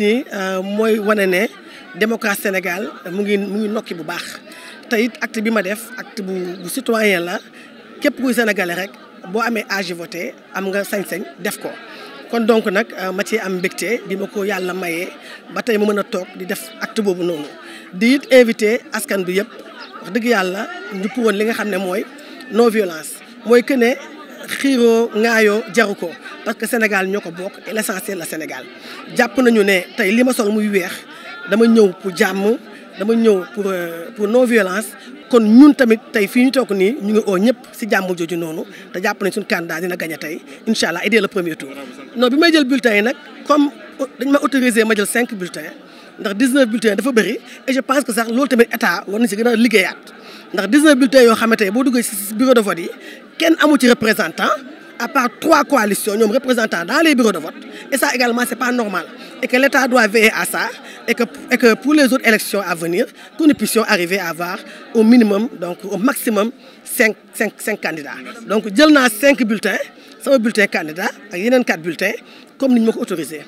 lii nii euh, mooy wane ne démocratie Sénégal mu ngi mu ngi nokki bu baax te it acte bi ma def act bu bu citoyen la képp kuy sénégalais rek boo amee âge voté am nga sañ-sañ def ko. kon donc nag euh, ma ci am mbégte bi ma ko yàlla maye ba tey ma mën a toog di def act boobu noonu di it invité askan bi yëpp wax dëgg yàlla njëkk woon li nga xam ne mooy non violence mooy que ne xiiroo ŋaayoo jaru ko. parce que Sénégal ñoo ko book et l' la Sénégal jàpp nañu ne tey li ma sol muy weex dama ñëw pour jàmm dama ñëw pour euh, pour non violence kon ñun tamit tey fii ñu took nii ñu ngi o ñëpp si jàmm jooju noonu te jàpp nañ suñu candidat dina gagné tey incha allah et dès le premier tour. non bi may jël bulletin yi nag comme dañ ma autorisé ma jël cinq bulletins ndax 19 bulletins dafa bëri je pense que sax loolu tamit état war na si gën a liggéeyaat ndax 19 yoo xamante ne boo duggee si bureau de vote kenn amu ci représentant. à part trois coalitions ñoom représentants dans les bureaux de vote et ça également c'est pas normal et que l'État doit veiller à ça et que pour les autres élections à venir que nous puissions arriver à avoir au minimum donc au maximum cinq cinq cinq candidats donc jël naa cinq bulletins sama bulletin candidat ak yeneen quatre bulletins comme ni ñu ma ko autorisé